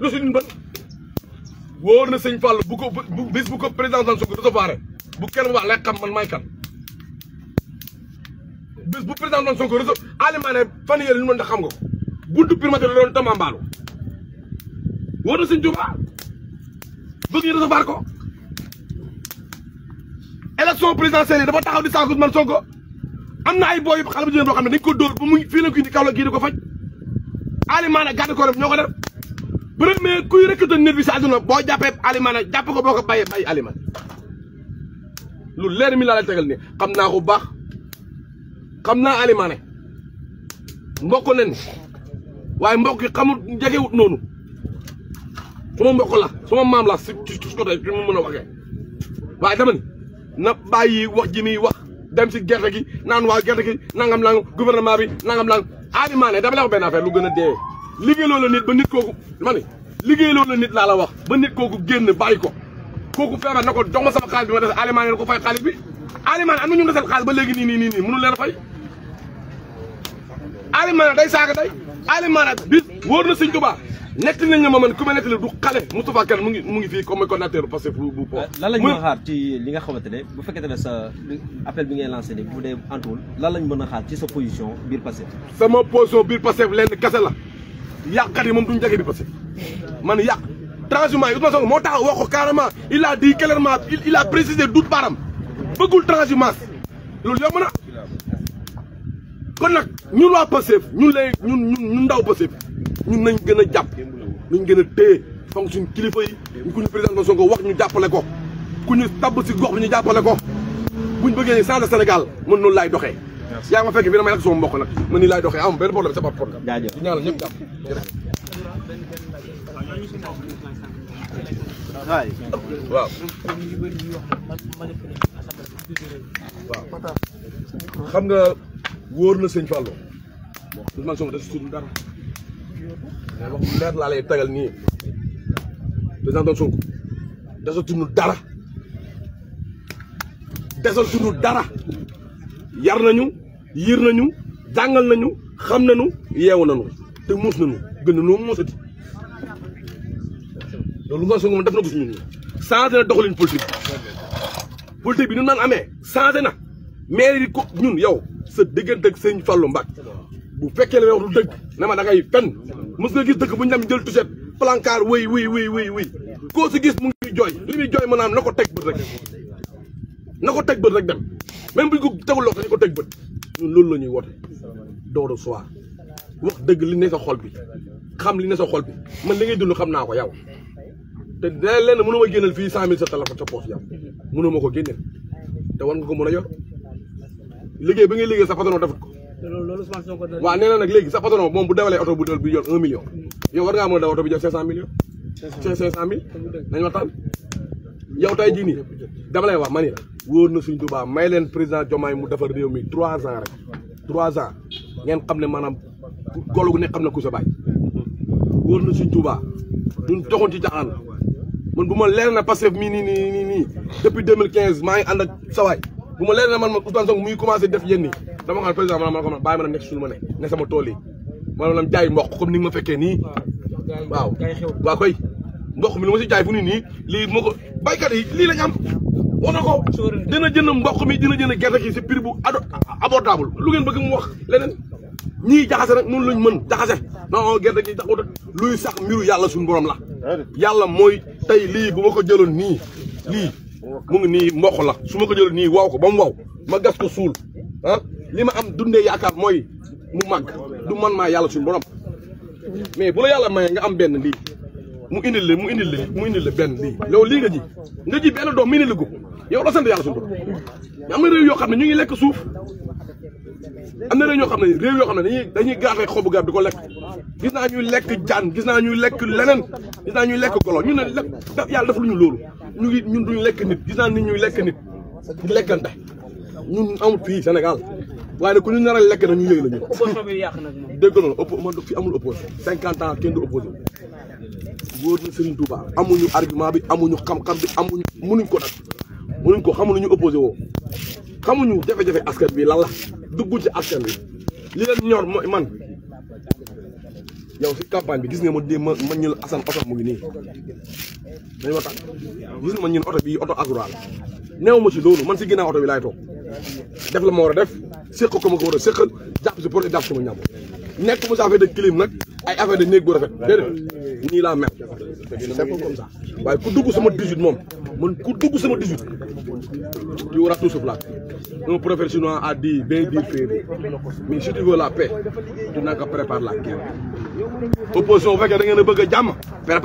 lu suñu mbën wóor na sëñ Fall bu ko bis ko président Ousmane Sonko recevoir bu kenn wax lay xam man may kan bu président Ousmane Sonko recevoir Alimaane fan yéen ñu mën da xam nga ko buntu primature la doon tamambaalu wóor na sëñ Touba bëgg ñu recevoir ko élection présidentielle yi dafa taxaw di saaku man Sonko am na ay booy yu xale bu jigéen boo xam ne ko dóor ba mu fii la ko indi ko faj Aly Mané garde corps ñoo ko def premier kuy recruter nit bi si àdduna boo jàppee Aly Mané jàpp ko boo ko bàyyee bàyyi Aly lu leer mi laa la tegal nii xam naa ko baax xam naa Aly Mané mbokk nen waaye mbokk yi xamul jegewut noonu suma mbokk la suma maam la si ci côté mu mën a waxee waaye dama ni na bàyyi wax ji muy wax dem si gerte gi naan waa gerte gi nangam nangam gouvernement bi nangam nangam Adi Mané dama la wax benn lu gën a dee liggéey loolu ba nit kooku ma ne liggéey loolu laa la wax ba nit kooku génn bàyyi ko kooku feebar na ko jox ma sama xaalis bi ma des Adi Mané ko fay xaalis bi Adi Mané am na ñu desal xaalis ba léegi nii nii nii nii mënu fay Adi Mané day saaka day Adi Mané bis wóor na Sëñ Tuubaa nekk nañ na ma man ku ma nettali du xale Moustapha Kane mu mu ngi fii comme coordinateur Pastef bu bu po euh, lan xaar ci li nga xamante ne bu fekkente ne sa appel bi ngay lancé ni bu dee antuwul lan lañ mën a xaar ci sa position biir Pastef sama position biir Pastef lenn kese la yàqkat yi moom duñu jege biir Pastef man yàq transhumance yi Ousmane Sonko moo tax wax ko carrément il a dit clairement il a précisé doute baram bëggul transhumance loolu yomb na kon nag ñun waa Pastef ñun lay ñun ñun ndaw Pastef ñun nañ gën a jàpp nañ gën a téye fonk suñ kilifa yi ku ñu président Sonko wax ñu jàppale ko ku ñu tabb si gox bi ñu jàppale ko buñ bëggee sans le Sénégal mën noonu laay doxee yaa ngi ma fekk fi damay ak sama mbokk nag man nii laay doxee am benn problème c'est pas problème jaajëf di ñaanal ñëpp jàpp waaw waaw xam nga wóor na sëñ Fallou Ousmane Sonko def si mais wax bu leer laa lay tagal nii président Sonko desatuñu dara desatuñu dara yar nañu yiir nañu jàngal nañu xam nañu yeewu nañu te muus nañu gën nañoo muusati loolu Ousmane Sonko man def na ko suñu nii changé na doxalin politique bi politique bi ñun naan amee changé na maire yi ko ñun yow sa diggante ak sëñ Fallou bu fekkee la wax du dëgg ne ma da ngay fen mës nga gis dëkk bu ñu dem jël tuset palankaar wéy wéy wéy wéy wéy koo si gis mu ngi jooy li muy jooy maanaam na ko teg bët rek na ko teg bët rek dem même bu ñu ko tegul loxo dañu ko teg bët loolu la ñuy woote door a wax dëgg li ne sa xol bi xam li ne sa xol man li ngay dund xam naa ko yow te dana leen mënuma génneel fii cent mille sa téléphone sa poos yow mënuma ko génneel te war nga ko mën a yor liggéey bi ngay liggéey sa patron defut ko waaw nee na nag léegi sa patron moom bu dawalee oto bu dawal bi yor un million yow war ngaa mën a daw oto bi jar cinq cent millions cinq cent mille nañ waxtaan yow tey jii nii dama lay wax ma ni na suñ Tuubaa may leen président Diomaye mu defar réew mi trois ans rek trois ans ngeen xam ne maanaam golo gu nekk xam na ku sa baay wóor na suñ Tuubaa duñ doxoon ci caaxaan man bu ma leer na Pastef mii nii nii nii nii depuis deux mille quinze maa ngi ànd sawaay bu ma leer na man man Ousmane Sonko muy commencé def yenn yi dama xam ne président maanaam man bàyyi ma ma ne ne sama tool yi maanaam jaay mboq kom ni ma fekkee nii. waaw waaw koy mboq mi lu ma si jaay fu nii lii ma ko baykat yi lii lañ am wax na ko dina jënd mboq mi dina jënd gerte gi si bu abordable lu ngeen bëgg mu wax leneen ñii jaxase noonu lañ mën jaxase non gerte gi taxut luy sax mbiru yàlla suñu borom la yàlla mooy tey lii bu ma ko jëloon nii lii mu ngi nii mboq la su ma ko jëloon nii waaw ko ba mu waaw ma gas ko suul ah li ma am dunde yaakaar mooy mu màgg du man maa yàlla suñu borom mais bu la yàlla mayee nga am benn lii mu indil la mu indil la mu indil la benn lii loolu lii nga ñi nga ji benn doom mu indil la ko yow la sant yàlla suñu yoo xam ne ñu ngi lekk suuf am na réew yoo xam ne réew yoo xam ne dañuy dañuy gaafee xobu garab ko gis naa ñuy lekk jaan gis naa ñuy lekk leneen gis naa ñuy lekk golo ñu ne lekk yàlla dafa lu ñu loolu ñu ngi ñun duñu lekk nit gis naa nit ñuy lekk nit di lekkante ñun amul fii Sénégal waaye nag ku ñu naral lekk nag ñu yëg la ñu. opposition bi yàq nag moom. dégg nga oppo man fi amul opposé. 50 ans kenn du opposé wóor na Serigne Touba amuñu argument bi amuñu xam-xam bi amuñu munuñ ko nag munuñ ko xamuñu ñu opposé woo xamuñu jafe-jafe askan bi lan la dugg ci askan bi li leen ñor mooy man yow si campagne bi gis ne ma dégg ma ma ñu Assane oto mu ngi nii dañ ma tax gis nga ma ñun oto bii oto Azoura la néew ma ci loolu man si ginnaaw oto bi laay toog. def la ma war a def séq ko ma ko a séqal jàpp si pour jàpp si ma ñàmm nekk mu sa affaire de clim nag ay affaire de néeg bu rafet déedéet nii laa mel waaye ku dugg sama 18 moom man ku dugg sama 18 tu auras tout soufflé un a dit bien dire fait mais si tu veux la paix tu n'as qu'à préparer la guerre opposition bu fekkee da ngeen a bëgg a jàmm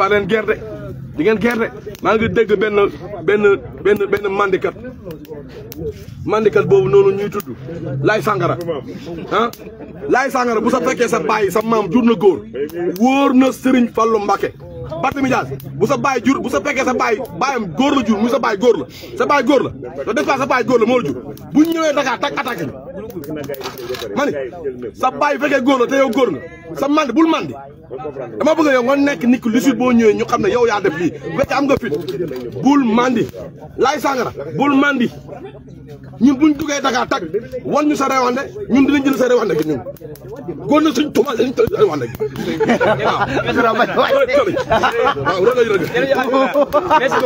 leen guerre de di ngeen geer de maa ngi dégg benn benn benn benn mandikat mandikat boobu noonu ñuy tudd laay sàngara ah laay sàngara bu sa fekkee sa baay sa maam jur na góor wóor na sëriñ Fallu Mbàkke Barthélémy Dias bu sa baay jur bu sa fekkee sa baay baayam góor la jur muy sa baay góor la sa baay góor la te def sa baay moo la jur bu ñëwee Dakar tak attaqué ñu ma ni sa baay fekkee góor la te yow góor nga sa mandi bul mandi dama bëgg yow nga nekk nit ki lu si boo ñu xam ne yow yaa def lii bu fekkee am nga fit bul mandi laay sàngara bul mandi ñun buñ duggee Dakar tag wan ñu sa rewande ñun dinañ jël sa rewande gi ñun góor na suñ tuuma lañ jël sa rewande gi waaw waaw loolu lañ rëgg merci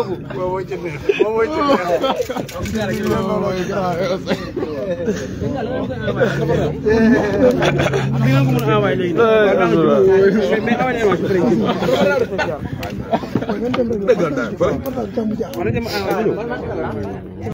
beaucoup moom Degan dah. Mana dia